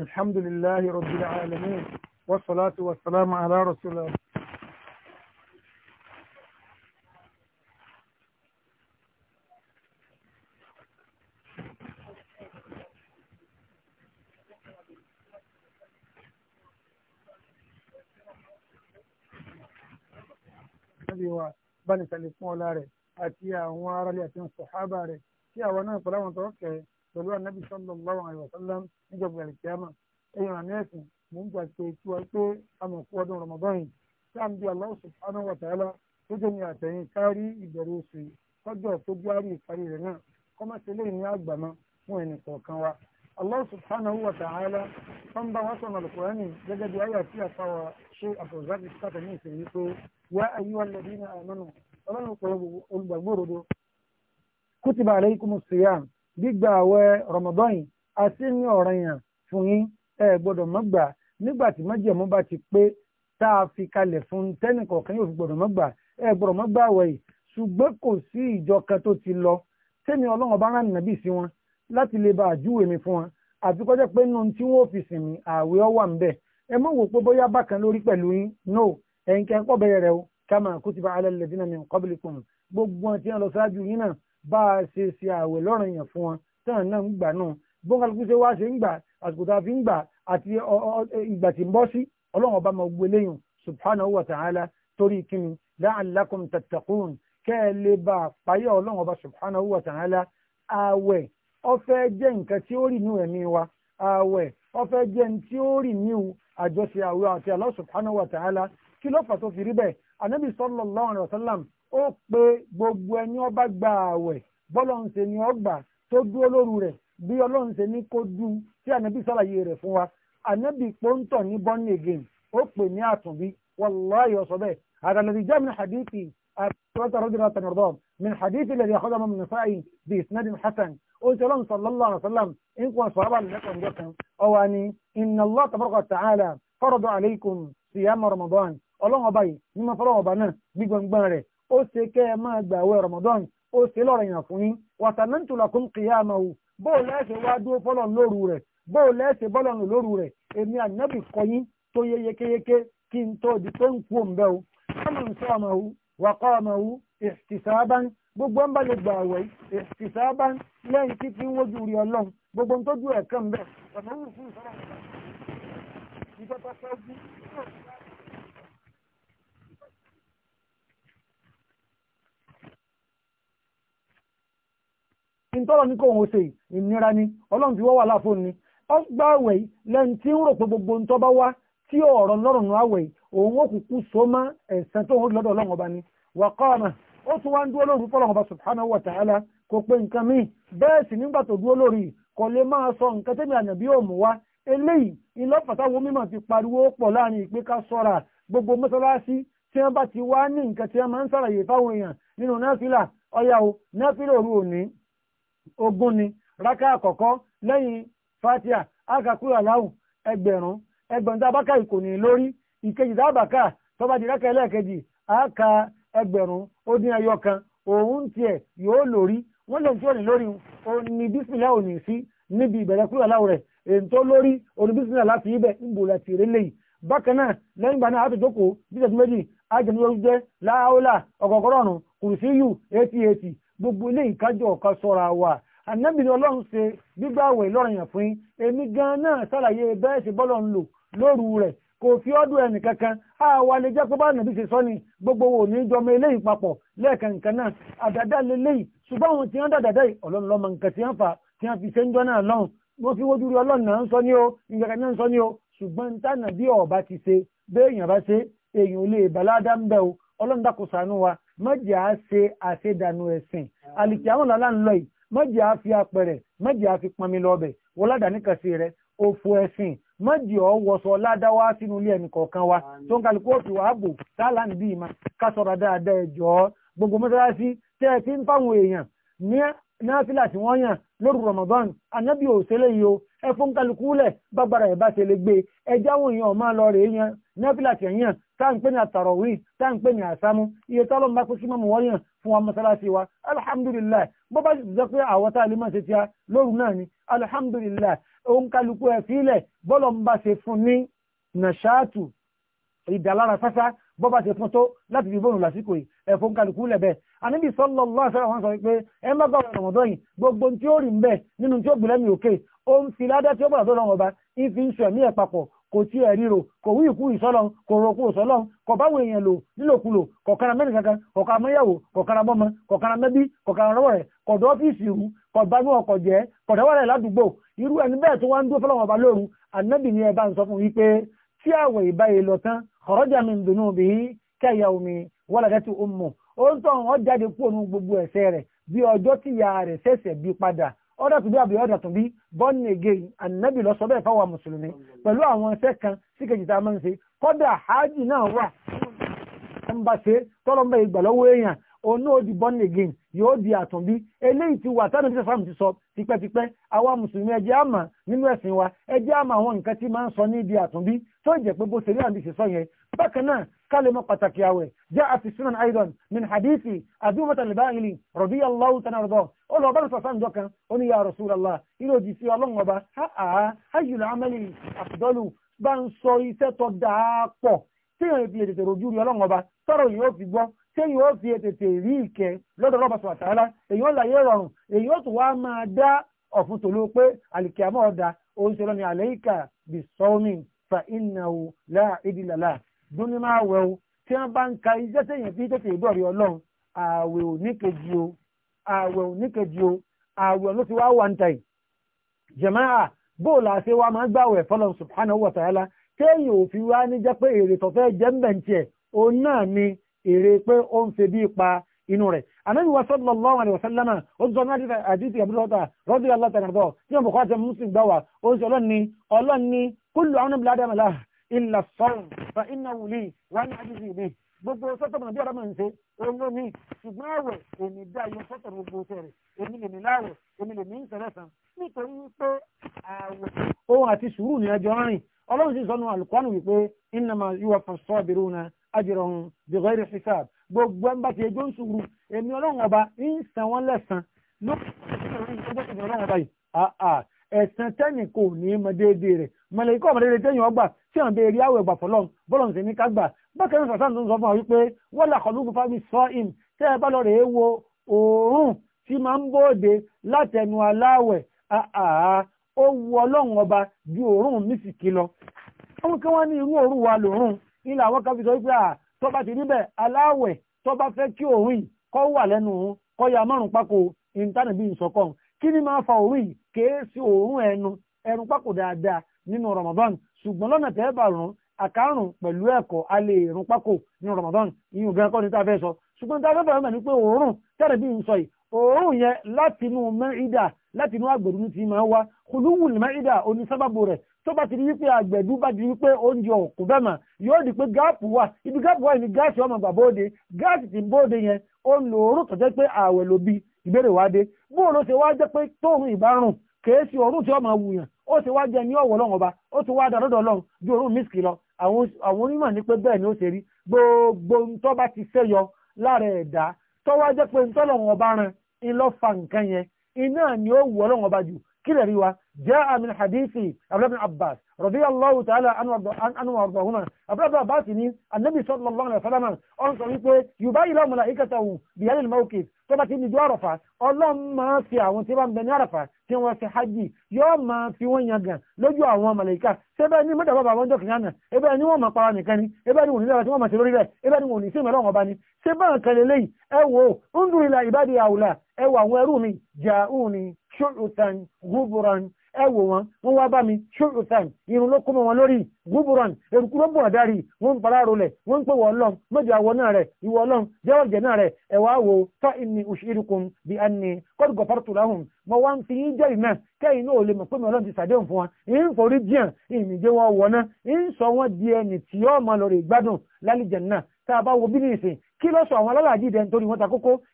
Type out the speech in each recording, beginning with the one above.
الحمد لله رب العالمين والصلاة والسلام على رسول الله bá ní sàlẹ̀ fún ọlá rẹ̀ àti àwọn aráàlú àti sàhábà rẹ̀ tí àwọn náà pẹ̀lú àwọn tó kẹ́ pẹ̀lú anabi sallallahu alaihi wasallam níjọba ìkíyàmà ẹ̀yìn àmẹ́sìn mò ń gbà pé tí wọ́n pé amọ̀kú ọdún Ramadan yìí sáàmì Allah subhanahu wa ta'ala tó jẹ́ ní àtẹ̀yìn kárí ìbẹ̀rù oṣù yìí kọjọ́ tó gbárí ìparí rẹ̀ náà kọ́mọ́tẹ́lẹ́ ní àgbàmọ́ fún ẹnì kọ̀ọ̀kan wa. Allah subhanahu wa ta'ala wọ́n bá wá sọ̀nà al gẹ́gẹ́ bí ayé àti àfàwà ṣe àfọ̀záàbì sáfà ní ìṣèlú pé wá ayyuha alladhina amanu ọlọ́run pẹ̀lú olùgbàgbọ́ òdodo kutiba alaykumus siyam gbígba àwẹ̀ Ramadan yìí àti ní ọ̀ranyàn fún yín ẹ gbọ́dọ̀ má gbà nígbà tí májèmú bá ti pé tá a fi kalẹ̀ fún tẹ́nìkọ̀ọ̀kan yóò fi gbọ́dọ̀ má gbà ẹ gbọ́dọ̀ má gbà àwẹ̀ yìí ṣùgbọ́n kò sí ìjọ kan tó ti lọ tẹ́mi ọlọ́run ọba rán nàbì sí wọn láti lè bá àjúwe mi fún wọn àti kọjá pé nínú tí wọ́n fi sìn mí ààwẹ̀ ọ wà ń ẹ mọ̀ wò pé bóyá bákan lórí pẹ̀lú yín no ẹ̀yin kẹ́ ń kọ́ bẹ̀rẹ̀ rẹ o kama kutiba ala alladhina min qablikum gbogbo wọn ti ń lọ ṣáájú yín náà bá a ṣe ṣe àwẹ̀ lọ́rùn yẹn fún wọn tán náà ń gbà náà bóńkálukú ṣe wá ṣe ń gbà àsìkò tá a fi ń gbà àti ìgbà tí ń bọ́ sí ọlọ́run ọba máa gbé e léyìn subhanahu wa ta'ala torí kíni la'allakum tattaqun kẹ́ ẹ lè bá a payọ́ ọlọ́run ọba subhanahu wa ta'ala àwẹ̀ ọfẹ́ jẹ́ nǹkan tí ó rì ní ẹ̀mí wa àwẹ̀ ọfẹ́ jẹ́ nǹkan tí ó rì ní àjọṣe àwẹ̀ àti Allah subhanahu wa ta'ala kí ló fà tó fi rí bẹ́ẹ̀ anabi sallallahu alayhi wa sallam ó pe gbogbo ẹni ọba gba àwẹ̀ bọ́lọ́n ṣe ni ọgbà tó dúró lóru rẹ̀ bí ọlọ́run ṣe ní kó dú tí ànábì sàlàyé rẹ̀ fún wa ànábì pọ́ńtọ̀ ní born again ó pè ní àtúnbí wàláyé ọ̀sọ̀ bẹ́ẹ̀ àdàlẹ́bí jẹ́ min hadithi àtúntà rọ́jìnà tẹ̀nọ̀dọ́ min hadithi lẹ́yìn àkọ́jọ́ mọ́ min sáyì bí isnadin hasan ó ṣe ọlọ́run sallallahu alaihi wasallam ń kún ọ̀sọ̀ àbá lẹ́kọ̀ọ́ ǹjọ́ ó ṣe kẹ́ ẹ máa gbàwẹ̀ Ramadan ó ṣe lọ́rọ̀ yàn fún yín wàtàmẹ́ntù làkún qiyamahu bóò lẹ́sẹ̀ wá dúró fọ́lọ̀ lóru rẹ̀ bóò lẹ́sẹ̀ bọ́lọ̀ nù lóru rẹ̀ èmi ànábì kọ́ yín tó yé yékéyéké kí n tó di pé ń kú òǹbẹ́ o ọmọ nsọ ọmọ wu wàkọ́ ọmọ wu ihtisaban gbogbo ń bá lè gbà wẹ̀ lẹ́yìn tí fi ń wojú rí ọlọ́run gbogbo ń tójú ẹ̀ kàn bẹ́ẹ̀ ọ̀nà wù fún ìfọ́nà ìfọ́nà ìfọ́nà ìtọ́lọ̀ ní kò wọ́n ṣe ìnira ni ọlọ́run ti wọ́ wà láàfún ni ọgbà àwẹ̀ lẹ́yìn tí ń rò pé gbogbo ń tọ́ba wá tí ọ̀rọ̀ lọ́rùn nù àwẹ̀ òun ó kúkú so mọ́ ẹ̀sán tó ń rí lọ́dọ̀ ọlọ́run ọba ni wà kọ́ọ̀mà ó tún wá ń dúró lórí fọlọ́run ọba subhanahu wa ta'ala kò pé nǹkan míì bẹ́ẹ̀ sì nígbà tó dúró lórí kò lè máa sọ nǹkan tẹ́mi ànàbí ò mú wá eléyìí wọ́n ti ogún ni rákà àkọ́kọ́ lẹ́yìn fatia akakura láwù ẹgbẹ̀rún ẹgbẹ̀rún tá a bá ká lórí ìkejì tá a rákà ẹlẹ́ẹ̀kejì a ka ẹgbẹ̀rún ó dín ẹyọ kan òun tiẹ̀ yóò lórí wọ́n lè tí ò ní lórí o ní bísílẹ̀ ò ní sí níbi ìbẹ̀rẹ̀ kúrò aláwọ̀ rẹ̀ èyí tó lórí oní bísílẹ̀ láti ibẹ̀ ń bò láti eré lẹ́yìn bákan náà lẹ́yìn ìgbà náà àtòjókòó ànábì ni ọlọ́run ṣe gbígbà àwẹ̀ lọ́rọ̀ yàn fún yín èmi gan náà ṣàlàyé bẹ́ẹ̀ ṣe bọ́lọ̀ ń lò lóru rẹ̀ kò fi ọdún ẹnì kankan àwa lè jẹ́ pé bá nàbí ṣe sọ ni gbogbo wo ní jọmọ eléyìí papọ̀ lẹ́ẹ̀kan nǹkan náà àdàdà lélẹ́yìí ṣùgbọ́n àwọn tí wọ́n dàdàdà yìí ọlọ́run lọ́mọ nǹkan tí wọ́n fà tí wọ́n fi ṣe ń jọ náà lọ́hùn wọ́n fi wójú rí ọlọ́run náà ń sọ ní o ìyàrá náà ń sọ ní o ṣùgbọ́n tánà bí ọ̀bá ti ṣe béèyàn bá ṣe èèyàn lè bàládà ọlọ́run dákò ṣàánú wa mọ́jà á ṣe àṣedànù ẹ̀sìn àlìkí àwọn làlá ń lọ yìí mọ́jì á fi apẹ̀rẹ̀ mọ́jì á fi pọnmi lọ́bẹ̀ wọ́ládàáníkàsí rẹ̀ òfò ẹ̀sìn mọ́jì ọ̀ wọ̀sọ̀ ládáwá sínú ilé ẹnì kọ̀ọ̀kan wa tó ń kálukú òfin wàá bò sálà níbí ìmọ̀ ká sọ̀rọ̀ dáadáa ẹ̀jọ́ gbogbo mọ́sálásí tẹ́ ẹ fi ń fáwọn èèyàn ní náfìlà tí wọ́n yàn lóru Ramadan anábì òṣèlè yìí o ẹ fún kálukú lẹ̀ bágbára ẹ̀ bá ṣe lè gbé ẹjá àwọn èèyàn ọ̀ máa lọ rèé yan náfìlà tí ẹ̀ yàn táǹpé ní àtàrọ̀wí táǹpé ní àsámú iye tọ́lọ́m bá kó sí mọ́mù wọ́yàn fún wa mọ́sálásí wa alhamdulillah bó bá jẹ́ pé àwọn tá a lè máa ṣe ti a lóru náà ni alhamdulillah òun kálukú ẹ̀ sílẹ̀ bọ́lọ̀ ń bá ṣe fún ní nàṣáàtù ìdàlára sáfá bó bá ṣe fún tó láti fi bóòrùn lásìkò yìí ẹ̀fún kálukú lẹ̀bẹ̀ àníbi sallallahu alaihi wasallam sọ kò tí ẹ̀ ríro kò wí ìkú ìsọ́lọ́n kò rọ̀kú ìsọ́lọ́n kò báwo èèyàn lò nílòkulò kọ̀kara mẹ́rin kankan kọ̀kara mẹ́yàwó kọ̀kara mọ́mọ kọ̀kara mẹ́bí kọ̀kara rọ́wọ́ rẹ̀ kọ̀dọ̀ ọ́fíìsì ìrú kọ̀banú ọkọ̀ jẹ́ kọ̀dọ̀wọ́ rẹ̀ ládùúgbò irú ẹni bẹ́ẹ̀ tó wá ń dúró fọlọ́wọ́ ọba lóru ànábì ni ẹ bá ń sọ fún wípé tí àwẹ̀ ìbáyé lọ tán kharaja min dunubihi kẹ́yà omi waladatu ummu ó ń tọ́ wọn jáde kúrò ní gbogbo ẹ̀ṣẹ̀ rẹ̀ bí ọjọ́ tíya rẹ̀ ṣẹ̀ṣẹ̀ bí padà ọ̀dọ̀ tó bí àbí ọ̀dọ̀ tó bí born again ànábì lọ sọ bẹ́ẹ̀ fáwọn mùsùlùmí pẹ̀lú àwọn iṣẹ́ kan sí kejì tá a máa ń ṣe kọ́dà hajj náà wà ń bá ṣe tọ́lọ́mbà ìgbà lọ́wọ́ èèyàn òun náà di born again yóò di àtúnbí eléyìí ti wà tánà bíṣẹ́ fáàmù ti sọ tipẹ́tipẹ́ àwa mùsùlùmí ẹjẹ́ àmà nínú ẹ̀sìn wa ẹjẹ́ àmà àwọn nǹkan tí máa ń sọ ní ibi àtúnbí tó jẹ́ pé bó ṣe rí àbí ṣe sọ yẹn bákan náà kálẹ̀ mọ́ pàtàkì àwẹ̀ jẹ́ àti sunan aidan min hadithi abúmọ̀tà lìbáyìí radiyallahu ta'ala rọ̀dọ̀ ó lọ bá sọ̀sán jọ kan ó ní ya Rasulullah ilé òjì sí ọlọ́run ọba ha ayyul amali afdalu bá ń sọ iṣẹ́ tó dáa pọ̀ tí yóò fi ètètè rojú rí ọlọ́run ọba tọ́rọ̀ yóò fi gbọ́ tí yóò fi ètètè rí ìkẹ́ lọ́dọ̀ ọlọ́ba sọ̀rọ̀ tààlà èyí fa innahu la idila la dúnni máa wẹ̀ o tí wọ́n bá ń ka iṣẹ́ tẹ̀yìn fi tètè ìdọ̀rí ọlọ́run ààwẹ̀ ò ní kejì o ààwẹ̀ ò ní kejì o ààwẹ̀ ló ti wá one time jẹ̀máà bóòlù àṣẹ wa máa gbàwẹ̀ fọlọ́n subhanahu wa ta'ala téèyàn ò fi wá ní pé èrè tọ̀fẹ́ jẹ́ ń bẹ̀ náà ni èrè pé ó ń fe bí pa inú rẹ̀ anábì wa sallallahu alaihi wa sallama ó sọ náà àdìsí àbúrò ọ̀tà radiyallahu ta'ala anhu tí wọn bọ̀ kọ́ àti muslim gbà wá ó sọ ọlọ́ni ọlọ́ni kúlù àwọn ọmọbìnrin adama láà ilà sọ́rùn fa iná wùlí wà ní àjíjì mi gbogbo sọ́tọ̀mọ̀ bí ọ̀dọ́mọ̀ ń ṣe ohun omi ṣùgbọ́n àwẹ̀ èmi dá iye sọ́tọ̀ gbogbo sẹ̀rẹ̀ èmi lèmi láàwẹ̀ èmi lèmi ń sẹ̀rẹ̀ sàn nítorí wípé àwẹ̀ ohun àti sùúrù ní ẹjọ́ rìn ọlọ́run sì sọnù àlùkọ́nù wípé innama yuwaffa as-sabiruna ajrahum bighayri hisab gbogbo ẹ̀ ń bá ti ẹjọ́ ń sùúrù èmi ọlọ́run ọba ń san wọ́n lẹ́sàn lókè ẹ̀sán tẹ́nì kò ní mọ déédéé rẹ̀ mọ̀lẹ́ ikọ́ ọmọdé tẹ́yìn ọgbà tí à ń bèèrè àwẹ̀ ọgbà fọlọ́n bọ́lọ̀n sí ní kágbà bákan náà sàtàn tó ń sọ fún ọ wípé wọ́n là kọ́ lóògùn fábí sọ ìm tẹ́ ẹ bá lọ rèé wo òórùn tí máa ń bóde látẹnu aláwẹ̀ àà ó wu ọlọ́run ọba ju òórùn mísìkì lọ. ohun kí wọ́n ní irú òórùn wa lòórùn ilà àwọn kan fi sọ wípé à tó bá ti níbẹ̀ aláwẹ̀ tó bá fẹ́ kí òórùn yìí kọ́ wà lẹ́nu òun kọ́ ya márùn-ún pákó ìntánẹ̀bí ìsọ̀kan kí ni máa fa òórùn yìí kèé sí òórùn ẹnu ẹnu pákó dáadáa nínú Ramadan ṣùgbọ́n lọ́nà tẹ́ bá rún àkárùn pẹ̀lú ẹ̀kọ́ a lè rún pákó nínú Ramadan ìyún gan kọ́ ní tá a fẹ́ sọ ṣùgbọ́n tá a fẹ́ bẹ̀rẹ̀ mẹ́ni pé òórùn tẹ́rẹ̀ bí n sọ yìí òórùn yẹn láti inú mẹ́ìdà láti inú àgbẹ̀dú ní ti máa wá kùlúwùn mẹ́ìdà oní sábàbò rẹ̀ tó bá ti di wípé àgbẹ̀dú bá di wípé oúnjẹ ọ̀kùn bẹ́ẹ̀ mà yóò di pé gáàpù wà ibi gáàpù wà ní gáàsì ọmọ gbà bóde gáàsì ti bóde yẹn ó ń lo òórùn tó jẹ́ pé ààwẹ̀ ló bí ìbéèrè wá dé bóòlù ṣe wá jẹ́ pé tóòrùn ìbárùn kèé sí òórùn tí ọmọ wùyàn ó ti wá jẹ ní ọ̀wọ̀ lọ́wọ́ ọba ó ti wá ju oru mísìkì lọ àwọn onímọ̀ ní pé bẹ́ẹ̀ ni ó ṣe rí gbogbo ntọba bá ti ṣẹ́yọ lára ẹ̀dá tó jẹ́ pé ntọ́lọ́wọ́ ọba rán in lọ́ ni ó ọba كلا روا جاء من حديث عبد بن Abbas رضي الله تعالى عنه وارضاهما عبد بن عباس النبي صلى الله عليه وسلم ان طريقه يبين له ملائكته بهذا الموقف تبا تي جو عرفه Ọlọ́run máa fi àwọn tí bá ń bẹ ní àràfà tí wọ́n ṣe hajj yóò máa fi wọ́n yangàn lójú àwọn màláíkà ṣébẹ́ ní mọ́tà bàbá wọn jọ́kìnrin àná ẹbẹ́ ni wọ́n máa para nìkan ni ẹbẹ́ ni wọ́n nílẹ̀ tí wọ́n máa ṣe lórí rẹ̀ ẹbẹ́ ni wọ́n ní sí ìmọ̀lọ́wọ́n ọba ni ṣé bá ń kẹlẹ̀ lẹ́yìn ẹ wò ó ń dùn ilà ìbádìí àwùlà ẹ wà àwọn ẹrú mi jà ṣùrùtàn gúbùràn ẹwò wọn wọ́n wá bá mi ṣùrùtàn irun ló kó mọ́ wọn lórí gúbùràn eruku ló bùn àdárí wọ́n ń para rolẹ̀ wọ́n ń pè wọ́n lọ́m mẹ́jọ àwọ̀ náà rẹ̀ ìwọ̀ lọ́m jẹ́wọ́ jẹ́ náà rẹ̀ ẹ̀wà wo fa inni ushirukum bi anni qad ghafartu lahum mo wá ń fi yín jẹ́ ìmẹ́ kẹ́yìn náà lè mọ̀ pé mi ọlọ́run ti sàdéhùn fún wọn ń forí díẹ̀ ìmìjẹ́ wọn wọ̀ náà ń sọ wọn di ẹni tí yóò mọ lórí ìgbádùn lálìjẹ̀ náà tá a bá wo bí ní ìsìn kí ló sọ àwọn alálàájì ìdẹ̀ nítorí wọn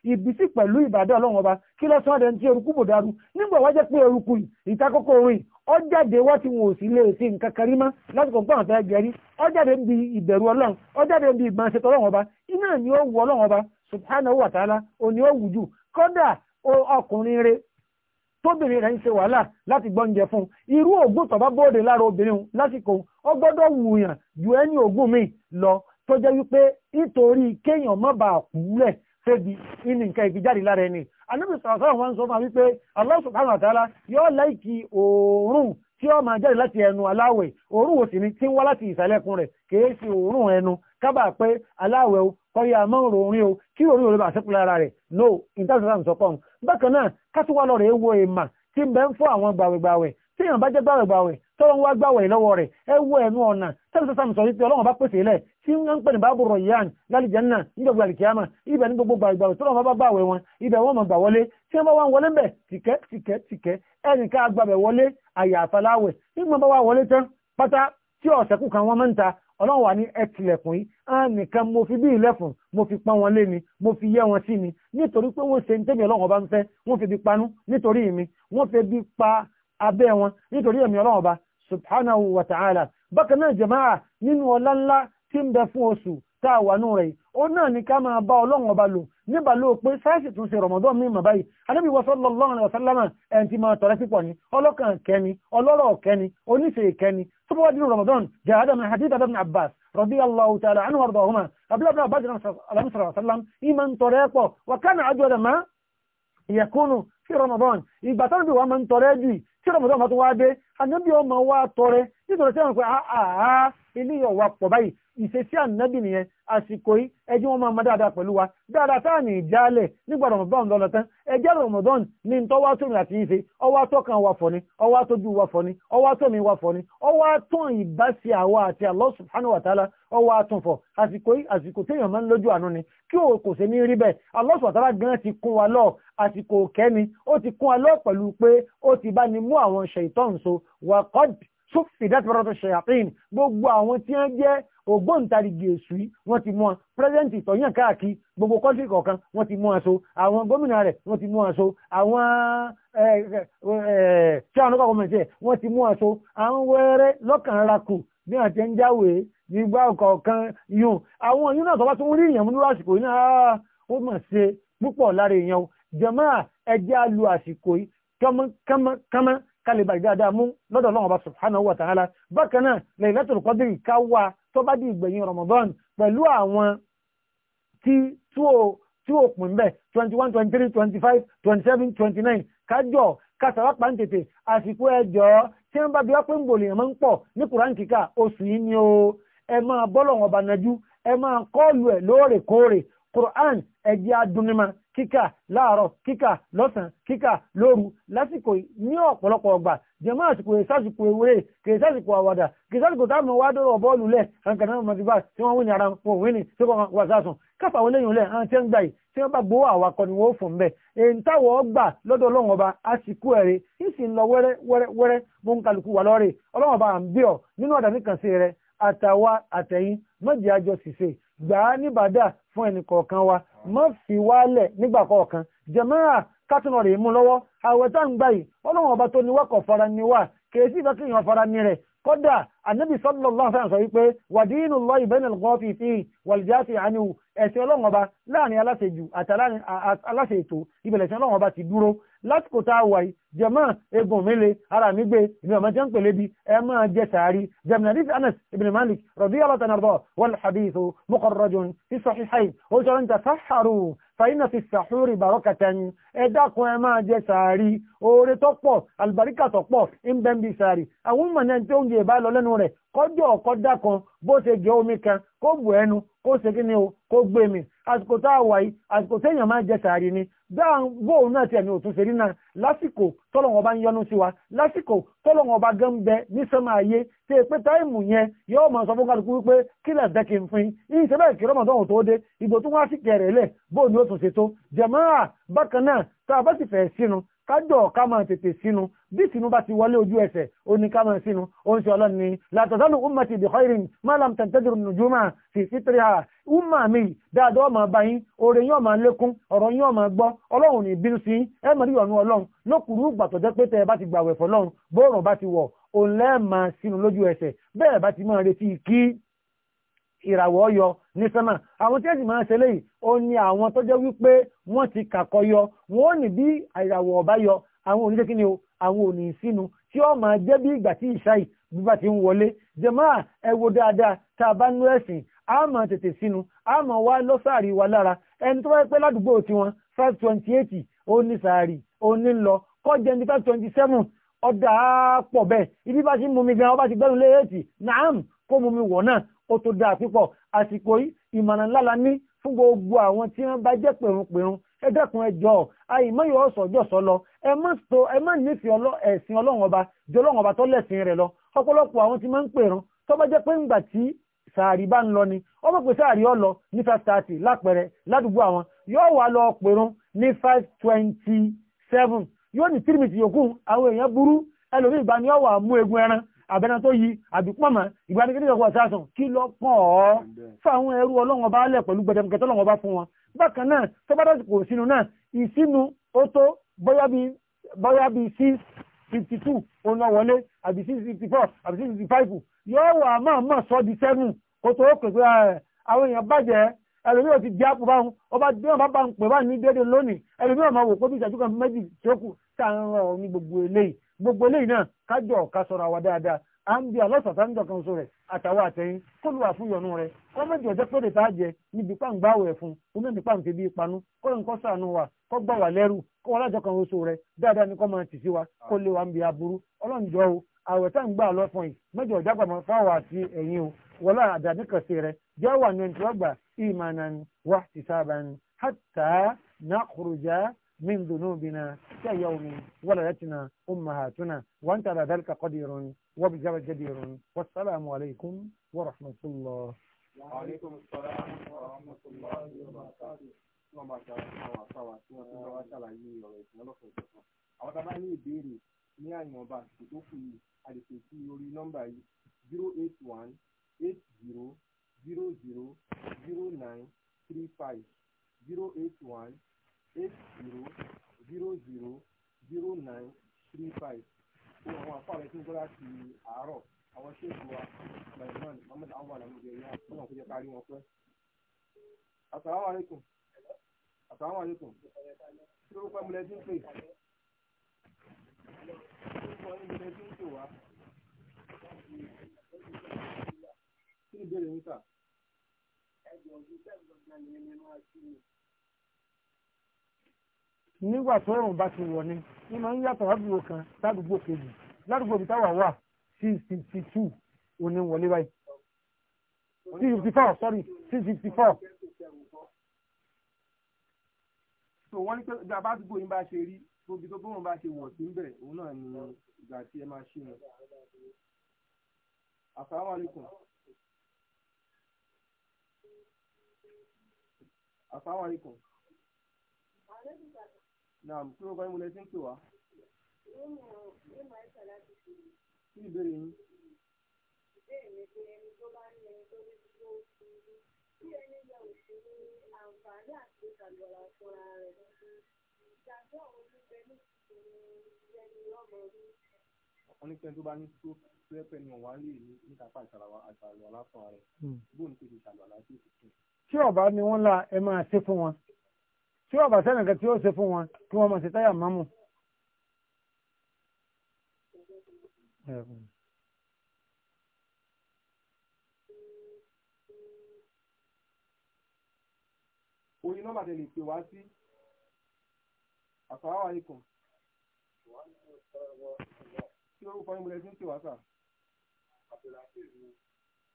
ibi ìbísí pẹ̀lú ìbàdàn ọlọ́run ọba kí ló sọ ọdẹ ní tí eruku bò dáru nígbà wájẹ́ pé eruku ìtakókó orin ọjáde wá ti wọn ò sí lè ṣe nǹkan kan rí mọ́ lásìkò pé àwọn fẹ́ gẹ̀rí ń bi ìbẹ̀rù ọlọ́run ọjáde ń bi iná ni wù ọlọ́run ọba wa ta'ala òní ọkùnrin láti ju ẹni ògùn lọ tó jẹ́ wípé nítorí kéèyàn má bàa kúlẹ̀ sébi inú nǹkan ibi jáde lára ẹni anábì sọ̀rọ̀sọ̀rọ̀ wọn sọ máa wípé Allah subhanahu wa ta'ala yóò láìkí òórùn tí ó máa jáde láti ẹnu aláwẹ̀ òórùn wo sì ni tí ń wá láti ìsàlẹ̀kùn rẹ̀ kìí ṣe òórùn ẹnu kábà pé aláwẹ̀ o kọ́yà mọ́ òórùn o kí òórùn olóba àṣẹ́kù lára rẹ̀ no intanṣẹ́sán sọ́kọ̀ bákan náà kátó wà lọ́rẹ̀ ewo èèmà tí ń bẹ ń fọ́ àwọn gbàwẹ̀gbàwẹ̀ tí èèyàn bá tọ́lọ́n wá gbàwẹ̀ ìlọ́wọ́ rẹ̀ ẹ wọ ẹnu ọ̀nà tẹ́lẹ̀ sọ́sàmì sọ wípé ọlọ́run bá pèsè ilẹ̀ tí wọ́n ń pè ní báàbù rọ̀yàn lálìjẹ́nà nígbàgbà àlìkíyàmà ibẹ̀ ní gbogbo gbàgbàwẹ̀ tọ́lọ́run bá gbàwẹ̀ wọn ibẹ̀ wọ́n mọ̀ gbà wọlé tí wọ́n bá wà wọlé mbẹ̀ tìkẹ́ tìkẹ́ tìkẹ́ ẹnìkan agbàbẹ̀ wọlé àyà àfàláwẹ̀ nígbà bá wà wọlé tán pátá tí ọ̀sẹ̀kù kan wọ́n máa ń ta ọlọ́run wà ní ẹtìlẹ̀kùn yìí ẹnìkan mo fi bí ìlẹ̀fùn mo fi pọ́n wọn lé mi mo fi yẹ́ wọn sí mi nítorí pé wọ́n ṣe ń tẹ́mi ọlọ́run ọba ń fẹ́ wọ́n fi bí panú nítorí mi wọ́n fi bí pa abẹ́ wọn nítorí ẹ̀mí ọlọ́run ọba subhanahu wa ta'ala bákan náà jama'a nínú ọlá ńlá tí ń bẹ fún oṣù tá a wà nù rẹ̀ ó náà ní ká máa bá ọlọ́run ọba lò nígbà ló pé sáìsì tún ṣe rọ̀mọ́dọ́ mi mà báyìí anábì wọ́n sallallahu alaihi wasallam ẹ̀ ti máa tọrẹ sípò ní ọlọ́kàn kẹni ọlọ́rọ̀ kẹni oníṣe kẹni tó bá wà nínú rọ̀mọ́dọ́n jẹ́ adam hadith adam abbas radiyallahu ta'ala anhu ardahuma abdullahi abbas alayhi sallam ìmọ̀ ìgbà tó ń bí wọ́n máa ń tọrẹ jù tí ọmọdé ọmọ tó wá dé ànábì ọmọ wa tọrẹ nítorí tí wọn pẹ àá ilé ọwà pọ̀ báyìí ìṣesí ànábì nìyẹn àsìkò yìí ẹjọ́ wọn máa ma dáadáa pẹ̀lú wa dáadáa táà ní ìjálẹ̀ nígbà rọmọdán lọ́lọ́ tán ẹjẹ́ rọmọdán ní tọ́wá tó àti ìṣe ọwá tọ́kàn wa fọ̀ ọwá tójú wa fọ̀ ọwá tómi wa fọ̀ ọwá tán ìbáṣe àwa àti Allah subhanahu wa ọwá tún àsìkò yìí àsìkò téèyàn máa ń lójú àánú ni kí o kò ṣe ní rí bẹ́ẹ̀ Allah subhanahu gan ti kún wa lọ àsìkò kẹ́ni ó ti kún wa lọ pẹ̀lú pé ó ti bá ni mú àwọn ṣèitán so wà sọ́fìdá tí wọ́n ṣe àfihàn gbogbo àwọn tí wọ́n jẹ́ ògbóǹtarìgì èṣù wọ́n ti mú wọn pírẹ́sẹ̀ǹtì ìtọ̀yàn káàkiri gbogbo kọ́ńtì kọ̀ọ̀kan wọ́n ti mú wọn so àwọn gómìnà rẹ̀ wọ́n ti mú wọn so àwọn tí àwọn ọkọ̀ mọ̀ọ́sẹ̀ wọ́n ti mú wọn so àwọn wẹ́rẹ́ lọ́kàn ara kù bí wọ́n ti ń jáwé nígbà kọ̀ọ̀kan yùn àwọn yìí náà tó bá tún rí ìyàn múlú àsìkò yìí náà ó mọ̀ ṣe púpọ̀ lára èèyàn jàmáà ẹjẹ́ á lu àsìkò yìí kánmọ́kánmọ́ kálíbà ìdáadáa mú lọ́dọ̀ Ọlọ́run Ọba subhanahu wa ta'ala bákan náà Laylatul Qadr ká wá tó bá di ìgbẹ̀yìn Ramadan pẹ̀lú àwọn tí tí ó pín bẹ́ẹ̀ twenty one twenty three twenty five twenty seven twenty nine kájọ kásàwá pa ń tètè àsìkò ẹjọ́ tí wọ́n bá bí wá ń gbòòlì yẹn ń pọ̀ ní Kùrán kíkà oṣù yìí ni o ẹ máa bọ́lọ̀ wọn ọba najú ẹ máa kọ́ọ̀lù ẹ̀ lóòrèkóòrè Kùrán ẹ̀jẹ̀ adúnimá kíkà láàárọ̀ kíkà lọ́sàn kíkà lóru lásìkò ní ọ̀pọ̀lọpọ̀ ọgbà jẹmọ́ àsìkò ìsásìkò ewé kìsásìkò àwàdà kìsásìkò táàmù wá dọ́rọ̀ bọ́ọ̀lù lẹ̀ kankanáà mọ̀tíbà tí wọ́n wíni ara wọn wíni tí wọ́n wà sásùn káfà wọlé yìí lẹ̀ àwọn tí wọ́n gbà yìí tí wọ́n bá gbowó àwakọ̀ ni wọ́n fún bẹ́ẹ̀ èyí táwọn gbà lọ́dọ̀ ọlọ́run ọba àsìkò gbà á níbàdà fún ẹnì kọ̀ọ̀kan wa má fi wálẹ̀ nígbà kọ̀ọ̀kan jẹ̀mẹ́rà kátùnà rẹ̀ mú lọ́wọ́ àwẹ̀ tá ń gbà yìí ọlọ́run ọba tó niwá kọ̀ fara ni wá kèésì ìfẹ́ kéèyàn fara ni rẹ̀ kódà ànábì sallallahu alaihi wasallam sọ wípé wàdínú lọ ìbẹ́nà lọ́wọ́ fi fi wàlìjáàtì àníwò ẹ̀sìn ọlọ́run ọba láàrin aláṣejù àti aláṣe ètò ìbẹ̀lẹ̀sìn ọlọ́run ọba ti dúró lásìkò tá a wà yìí jẹ̀mọ́ egun mi le ara mi gbé ìlú ọmọ jẹ́ ń pèlè bí ẹ máa jẹ sàárì jẹ̀mìnàdís Anas ibn Malik radiyallahu anhu arbọ̀ wal hadithu muqarrajun fi sahihayn ó sọ̀rọ̀ níta sáhàrù fàyínà fi sàhúrì barakatan ẹ dákun ẹ máa jẹ sàárì oore tó pọ̀ àlùbáríkà tó pọ̀ ń bẹ́ ń bi sàárì àwọn mọ̀ náà tí oúnjẹ ìbá lọ lẹ́nu rẹ̀ kọjọ́ ọ̀kọ́ dákan bó ṣe jẹ́ omi kan kó bù ẹnu kó ṣe ni o kó gbé mi àsìkò tá a wà yìí àsìkò téèyàn máa jẹ sàárì ni bóòun náà ti ẹ̀mí òtún ṣe rí náà lásìkò tọ́lọ̀wọ̀n ọba ń yọnu sí wa lásìkò tọ́lọ̀wọ̀n ọba gan bẹ ní sánmà ayé tí è pé táìmù yẹn yóò máa sọ fún kálukú wípé kí lẹ̀ bẹ́ kí n fún yín ìṣe bẹ́ẹ̀ kí rọ́mọdọ́hùn tó dé ìgbò tó wá sí kẹrẹ̀ lẹ̀ bóòun ni ó tún ṣe tó jẹ̀mọ́ra bí sínú bá ti wọlé ojú ẹsẹ̀ oníkámọ̀ sínú oúnjẹ ọlọ́ni látọ̀sánù ummati bi khairin malam tantadir nujuma fi fitri ha umma mi dáadọ́ ọmọ báyín oore yóò máa lékún ọ̀rọ̀ yóò máa gbọ́ ọlọ́run ní bínú sí ẹ mọ̀ ọlọ́run lókùrú gbàtọ̀ jẹ́ pé tẹ́ bá ti gbàwẹ̀ fọlọ́run bóòrùn bá ti wọ̀ òun lẹ́ẹ̀ma sínú lójú ẹsẹ̀ bẹ́ẹ̀ bá ti máa retí kí ìràwọ̀ ọyọ ní sánmà àwọn tí ẹ̀sì máa ṣe léyìí ó ní àwọn tó àwọn òní sínú tí ó máa jẹ́ bí ìgbà tí ìṣáì bí bá ti ń wọlé jàmáà ẹ wò dáadáa tá a bá nú ẹ̀sìn a máa tètè sínú a máa wá lọ́sàárì wa lára ẹni tó bá pẹ́ ládùúgbò tiwọn five twenty eight ó ní sàárì ó ní lọ kọjá ní five twenty seven ọ̀dà pọ̀ bẹ́ẹ̀ ibi bá ti mú gan ọba ti gbẹ́rù lé eight naam kó mú mi wọ̀ náà ó tó dáa púpọ̀ àsìkò yìí ìmọ̀ràn ńlá ní fún gbogbo àwọn tí wọ́n bá jẹ́ pẹ̀rùnpẹ̀rùn ẹ dẹ́kun ẹjọ́ àìmọyọ ọsọjọ sọlọ ẹ má tó ẹ má nífẹ̀ẹ́ ẹ̀sìn Ọlọ́run ọba jọ Ọlọ́run ọba tó rẹ̀ lọ ọ̀pọ̀lọpọ̀ àwọn tí máa ń pèrán tó bá jẹ́ pé ńgbà tí sàárì bá ń lọ ni pé sàárì ọ lọ ní five thirty lápẹẹrẹ ládùúgbò àwọn yóò lọ pèrún ní five twenty seven yóò egun ẹran àbẹ́nà tó yí àbípọ̀mọ̀ ìgbàdíkẹ́dẹ́ ọkọ̀ sásùn kí lọ pọ̀ ọ́ fáwọn ẹrú ọlọ́wọ́n bá lẹ̀ pẹ̀lú gbẹdẹmukẹ́ tọ́lọ́wọ́n bá fún wọn bákan náà tó bá dọ̀sí kò sínú náà ìsínú ó tó bóyá bí six fifty two òun lọ wọlé àbí six fifty four àbí six fifty five yóò wà máa mọ̀ sọ́ di seven kó tó kò pé àwọn èèyàn bàjẹ́ ẹlòmí ò ti di àpò báwọn ọba bí wọn bá bá ń pè bá ní déédéé lónìí ẹlòmí ò máa wò pé bí ìṣàtúkọ̀ méjì tó kù tá ń rọ ní gbogbo eléyìí gbogbo eléyìí náà kájọ ọ̀ka sọ̀rọ̀ àwa dáadáa à ń bi ń rẹ̀ àtàwọn àtẹ̀yìn rẹ̀ pé lèta panu sànù wa kọ́ gbà wà lẹ́rù kọ́ wọn lájọ kan oṣù rẹ̀ dáadáa ni kọ́ máa tì sí wa kó lè wa ń bi aburú ọlọ́njọ́ o àwẹ̀ tá ń gbà lọ fún yìí mẹ́jọ ìjágbà máa fáwọn àti o wọlé jẹ́ wà ní ẹni tí wọ́n gbà من ذنوبنا كيوم ولدتنا أمهاتنا وأنت على ذلك قدير وبجر جدير والسلام عليكم ورحمة الله وعليكم السلام ورحمة الله وبركاته àwọn tá a bá ní ìbéèrè ní àyànbá tó kù yìí a orí nọ́mbà yìí zero eight one eight zero zero zero zero nine three five zero eight one eight zero zero zero zero nine three five fún àwọn àfáà rẹ̀ tí ń gbọ́ láti àárọ̀ àwọn ṣéèkù wa Sulaiman Muhammad awal amúdẹ̀yà fún àwọn tó jẹ́ kárí wọn pẹ́. asalaamualeykum asalaamualeykum kí ló pẹ́ múlẹ̀ tí ń pè orúkọ yín múlẹ̀ tí ń pè wá kí ni ìbéèrè yín kà. ẹ̀jọ̀ ọ̀gbìn tẹ̀sán náà ni ẹni máa ṣe é nígbà tó rùn bá ti wọ̀ ni wọ́n máa ń yàtọ̀ ládùúgbò kan ládùúgbò kejì ládùúgbò bí táwa wà sí sixty two òní wọlé báyìí sí fifty four sorry sí fifty four. so wọ́n ní pé bá àdúgbò yín bá ṣe rí gbogbo tó bóun bá ṣe wọ̀ sí ń bẹ̀ òun náà ni ìgbà tí ẹ máa ṣe wọn. Assalamu alaikum. Assalamu alaikum náà tí wọ́n gbọ́dọ̀ múlẹ̀ sí ń pè wá. kí ni ìbéèrè yín. ìbéèrè mi pé ẹni tó bá ní ẹni tó ní tó ti rí bí ẹni yẹ òṣèré àǹfààní àti ìtàgbọ̀lá fúnra rẹ̀ ìjàgbọ́ òun ní pẹ̀lú ìṣẹ̀lẹ̀ ọmọ mi. wọ́n ní pẹ́ẹ́n tó bá ní tó pẹ́ẹ́pẹ́ ni wọ́n á lè ní níkàpá ìṣàlùwàlá fúnra rẹ̀ bóun ti ṣàlùwàlá sí ìṣẹ̀lẹ̀ tí ọ̀bà sẹ́nà kan tí ó ṣe fún wọn kí wọ́n mọ̀ sí táyà mọ́mù oyin nọ́mbà tẹ̀lé pè wá sí àsàlámù aláìkùm tí orúkọ yín múlẹ̀ tí ń pè wá sà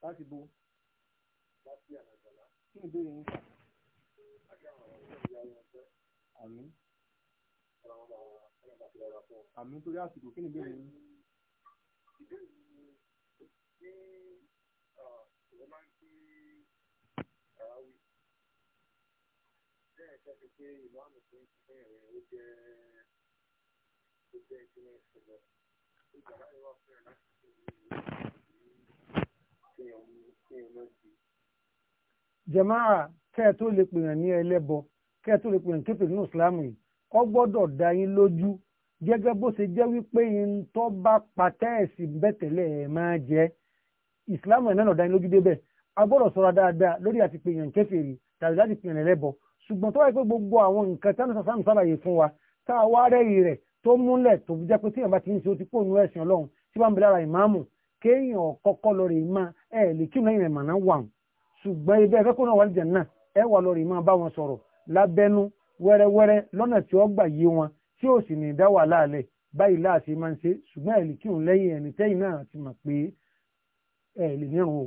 láti bo kí ni ìbéèrè yín sà àmín àmín torí àsìkò kí ni ìbéèrè yín kẹ́ ẹ tó lè pèèyàn ní ẹlẹ́bọ kẹ́ ẹ tó lè pèèyàn kéfèé nínú ìsìlámù yìí ó gbọ́dọ̀ dá yín lójú gẹ́gẹ́ bó ṣe jẹ́ wípé yín tó bá patẹ́ẹ̀sì bẹ́tẹ̀lẹ̀ ẹ̀ máa jẹ́ ìsìlámù ẹ̀ náà lọ́ọ́ dá yín lójú débẹ̀ a gbọ́dọ̀ ṣọ́ra dáadáa lórí àti pèèyàn kéfèé tàbí láti pèèyàn ẹlẹ́bọ ṣùgbọ́n tó wáyé pé gbogbo àwọn nǹkan tánú sàmù sábàyè fún wa tá a wá rẹ́yìn rẹ̀ tó múlẹ̀ tó kéèyàn kọ́kọ́ lọ rè má ẹ̀ lè kí lẹ́yìn rẹ̀ màná wà ṣùgbọ́n ibẹ̀ ẹ̀fẹ́ kó náà wà lìjẹ̀ náà ẹ wà lórí máa bá wọn sọ̀rọ̀ lábẹ́nú wẹ́rẹ́wẹ́rẹ́ lọ́nà tí ó gbà yé wọn tí ó sì ní dá wà láàlẹ̀ báyìí láàṣẹ máa ń ṣe ṣùgbọ́n ẹ̀lì kí òun lẹ́yìn ẹ̀ni tẹ́yìn náà ti mọ̀ pé ẹ̀ lè nírun o.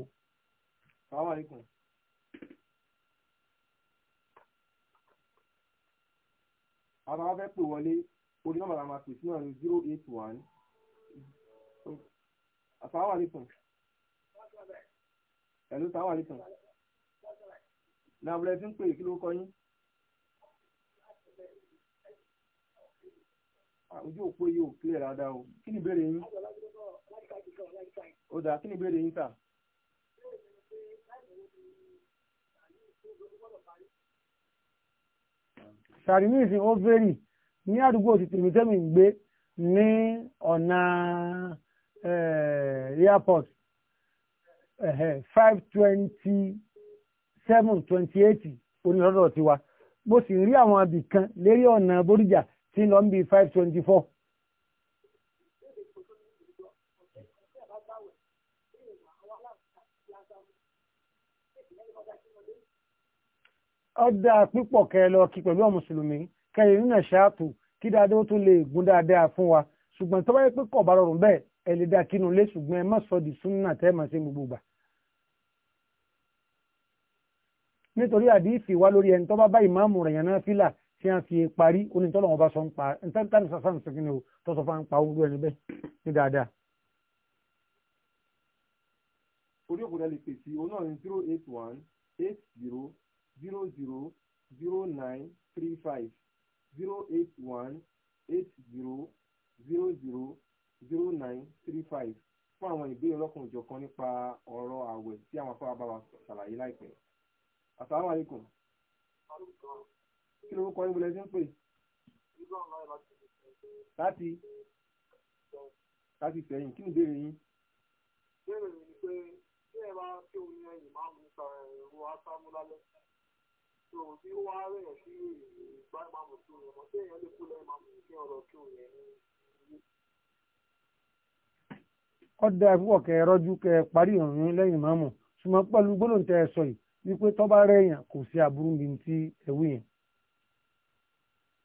àwọn afẹ́ pè wọlé orí nọ́mbà làwọn àpè sínú àrùn zero eight one. Assalamu alaikum. Hello, assalamu alaikum. làwùrẹ́ ti ń pè kí ló kọ ah, ojú òpó yìí ò kílẹ̀ dáadáa o kí ni ìbéèrè yín. ó dáa kí ni ìbéèrè yín sà. sàrìmí ìsìn ní àdúgbò tìtìmí ń gbé ní ọ̀nà eh, airport five twenty. seven twenty eight onílọ́dọ̀ tiwa mo sì rí àwọn abì kan lérí ọ̀nà bóríjà tí ń lọ ń bi five twenty four. ọdá pípọ̀ kẹlọ kí pẹ̀lú ọmọ mùsùlùmí kẹyìn nínú ṣáàtù kí dáadọ́ tó lè gún dáadáa fún wa ṣùgbọ́n tó bá yẹ pé kọ̀ bá rọrùn bẹ́ẹ̀ ẹ lè dá kínú lé ṣùgbọ́n ẹ má sọ di súnmọ́ tẹ́ ẹ gbogbo gbà. nítorí àdífì wá lórí ẹni tó bá bá ìmáàmù rẹ̀ yànnà fílà tí a fi parí onítọ́lọ̀ wọn bá sọ ń pa ntẹ́ntẹ́ni sàfàn sí kíni o tó sọ fún pa owó ẹni bẹ́ẹ̀ ní dáadáa. orí òkúta lè pèsè òun náà ní zero eight one eight zero zero zero zero nine three five zero eight one eight zero zero zero zero nine three five fún àwọn ìbéèrè ọlọ́kùnrin ìjọ̀kan nípa ọ̀rọ̀ àwẹ̀ tí àwọn afárá bá wa ṣàlàyé láìpẹ́. Assalamu alaikum. Kí ló ń kọ́ ní bulẹ̀ tí ń pè? Láti láti sẹ́yìn, kí ni ìbéèrè yín? Ìbéèrè mi ni pé bí ẹ bá kí òun yẹn yìí máa mú ta ẹ̀rọ aṣáájú lálẹ́. Tó o ti wá rẹ̀ sí ìgbà ìmáàmù tó yẹn mọ́, téèyàn lè kú lẹ́yìn máàmù kí ọ̀rọ̀ kí òun yẹn ní ilé. Ọ̀dà ẹ rọ́jú kẹ́ ẹ parí ìrìn lẹ́yìn máàmù, ṣùgbọ́n pẹ̀lú gbólóǹtẹ̀ ẹ sọ yìí wípé tó bá rẹ̀yàn kò sí aburú bí ti ẹ̀wù yẹn.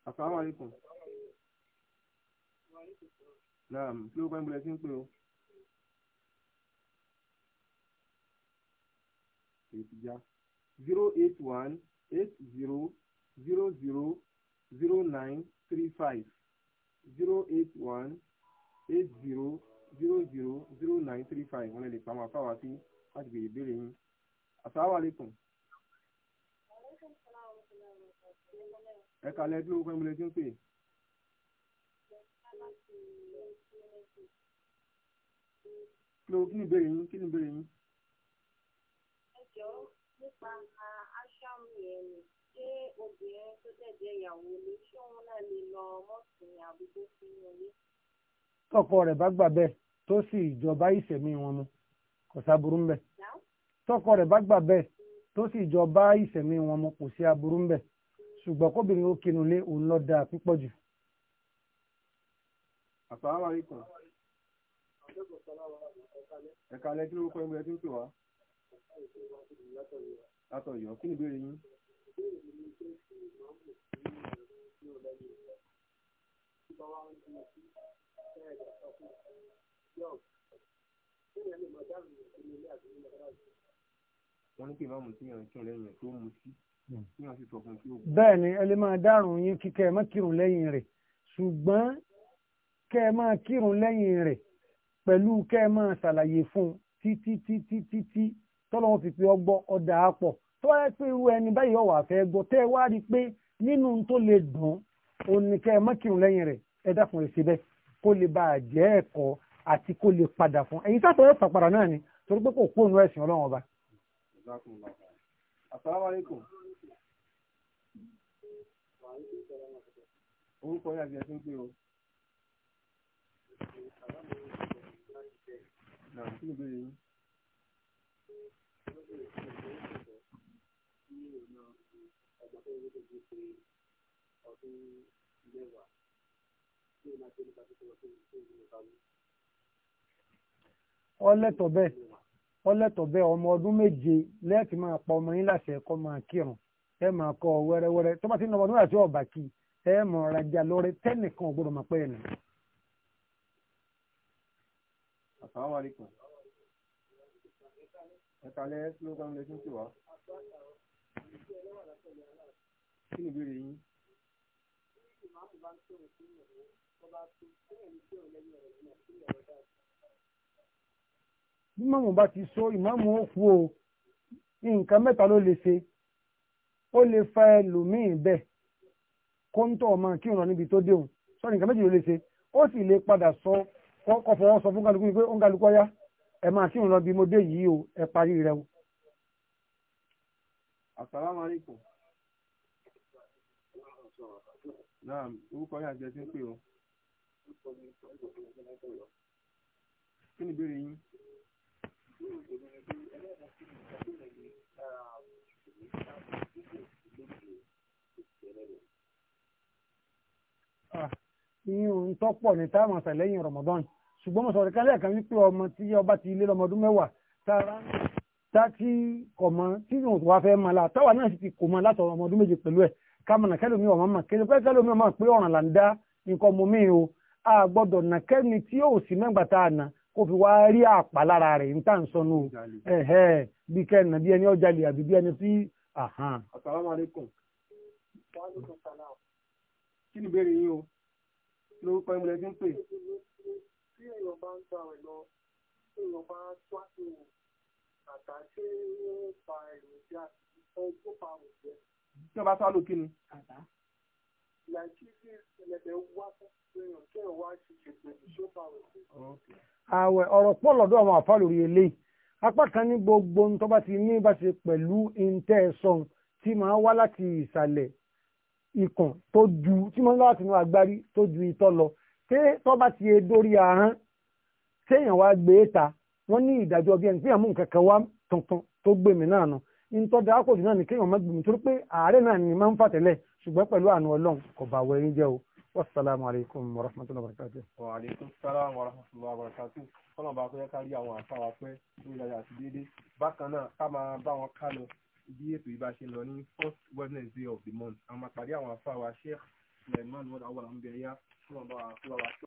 Assalamu alaikum. Naam, kí ló bá ń sí ń pè o? Ètìjà zero eight one eight zero zero zero zero nine three five zero eight one eight zero zero zero zero nine three five wọ́n lè pàmò àfáwá sí láti béèrè ìbéèrè yín. Assalamu alaikum. ẹ̀ka lẹ́bí orúkọ ìmúlẹ̀ tí ń pè. kí ló kí ni ìbéèrè yín kí ni ìbéèrè yín. ẹ jọ̀ọ́ nípa aṣáájú yẹn ni ṣé obìnrin tó tẹ̀jẹ̀ ìyàwó lè ṣé òun náà lè lọ mọ́sìn àbúkú sínú ilé. tọkọ rẹ̀ bá gbà bẹ́ẹ̀ tó sì ìjọba ìṣẹ̀mí wọn mu kò sábúrú ń bẹ̀ tọkọ rẹ̀ bá gbà bẹ́ẹ̀ tó sì jọ bá ìṣẹ̀mí wọn mu kò sí aburú ń bẹ̀ ṣùgbọ́n kóbìnrin ó kinu lé òun lọ dáa pípọ̀ jù. Assalamu alaikum. ẹ̀ka alẹ́ kí ló kọ́ ẹgbẹ́ tó pè wá. látọ̀ yọ kí ni ìbéèrè yín. Yọ̀ọ̀ wọ́n ní kí ìbá mu sí ìyàn kírun lẹ́yìn rẹ̀ tó mu sí ìyàn sì sọ fún kí òògùn. bẹ́ẹ̀ ni ẹ lè máa dárùn yín kíkẹ́ ẹ má kírun lẹ́yìn rẹ̀ ṣùgbọ́n kẹ́ ẹ máa kírun lẹ́yìn rẹ̀ pẹ̀lú kẹ́ ẹ máa ṣàlàyé fún un títí títí títí tọ́lọ́wọ́ fi pé ọgbọ́ ọ̀dà àpọ̀ tó wáyé pé irú ẹni báyìí ọ̀wà fẹ́ gbọ́ tẹ́ ẹ wá rí i pé nínú tó lè dùn òun ni kẹ́ ẹ má kírun lẹ́yìn rẹ̀ ẹ dákun ẹ ṣe bẹ́ẹ̀ kó lè bá a jẹ́ ẹ̀kọ́ àti kó lè padà fún ẹ̀yin sátọ̀ ẹ̀ pàpàrà náà ni torí pé kò kó òun ẹ̀sìn ọlọ́run ọba asalaamualeykum. orúkọ yín àti ẹ̀sìn pé o. náà kí ni ìbéèrè yín. ọdún mẹ́wàá tí ó máa tẹ́lẹ̀ bẹ́ẹ̀ wọ́n lẹ́tọ̀ bẹ́ẹ̀ ọmọ ọdún méje lẹ́ẹ̀tì máa pa ọmọ yín láṣẹ ẹ̀kọ́ máa kírun ẹ máa kọ́ ọ wẹ́rẹ́wẹ́rẹ́ tó bá ti ń lọ́mọ ọdún àti ọ̀bà kí ẹ mọ̀ rajà lọ́rẹ́ tẹ́nìkan ò gbọ́dọ̀ máa pẹ́ ẹ̀nà. Assalamu slogan lẹ́sìn sí wa kí Thank you bí mọ̀mù bá ti so ìmọ̀mù ó kú o nǹkan mẹ́ta ló lè ṣe ó lè fa ẹlòmíì bẹ́ẹ̀ kó ń tọ̀ ọmọ kí òun lọ níbi tó dé òun sọ nǹkan méjì ló lè ṣe ó sì lè padà sọ kọ́ fọwọ́ sọ fún kálukú pé ó ń kálukú ọyá ẹ máa kí òun lọ bí mo dé yìí o ẹ parí rẹ o. Assalamu Náà orúkọ yà jẹ́ sí ń pè Kí ni ìbéèrè yín? ìyún ah, tọ́pọ̀ ní táwọn àtàlẹ́yìn Ramadan ṣùgbọ́n mo sọ̀rọ̀ kálẹ̀ kan wípé ọmọ tí ọba ti ilé lọmọdún mẹ́wàá tára tátí kọ̀mọ́ tí ìrùn tó wá fẹ́ máa la táwa náà sì ti kò mọ́ látọ̀ ọmọdún méje pẹ̀lú ẹ̀ kámọ̀nà kẹlòmí ọmọ mà kéde pé kẹlòmí ọmọ pé ọ̀ràn là ń dá nǹkan mọ́ o a gbọ́dọ̀ nà kẹ́ni tí yóò sì mẹ́gbàá tá kó fi wá rí àpá lára rẹ̀ ní tá ń sọnù ẹ̀hẹ́ bí kẹ́nà bí ẹni ọjà àbí bí ẹni tí. Assalamu alaikum. kí ni ìbéèrè yín o lórúkọ ìmúlẹ̀ tí ń pè. tí èèyàn bá ń gbà rẹ̀ lọ tí èèyàn bá tó àtìwò àtà ṣé ó fa èròjà ọgbọ́n fa òjẹ́. tí wọ́n bá sálò kí ni. nàìjíríà ẹlẹ́dẹ̀ẹ́ wá fún èèyàn kí èèyàn wá ṣe ṣètò ìṣòfà òjẹ́. awe ọ̀rọ̀ pọ̀ àwọn àfa lórí apá gbogbo bá ti ní bá ṣe pẹ̀lú intẹ́ ẹ̀sọ́n tí máa wá láti ìsàlẹ̀ ikùn tó ju tí máa ń láti inú agbárí tó ju itọ́ ta wọ́n ní ìdájọ́ bí ẹni pé àmú wá tuntun tó gbé mi náà nù jù náà ní kéèyàn má gbé mi torí pé àárẹ̀ náà والسلام عليكم ورحمة الله وبركاته وعليكم السلام ورحمة الله وبركاته kọ́nà bá kọ́yẹ́ kárí àwọn àfáwà pẹ́ ní ìlànà àti déédéé bákan náà ká máa bá wọn ká lọ bí ètò ìbá ṣe lọ ní first Wednesday of the month àwọn àpàdé àwọn àfáwà Sheikh Suleiman wọn àwọn àmì ẹ̀yà kọ́nà bá wọn àfáwà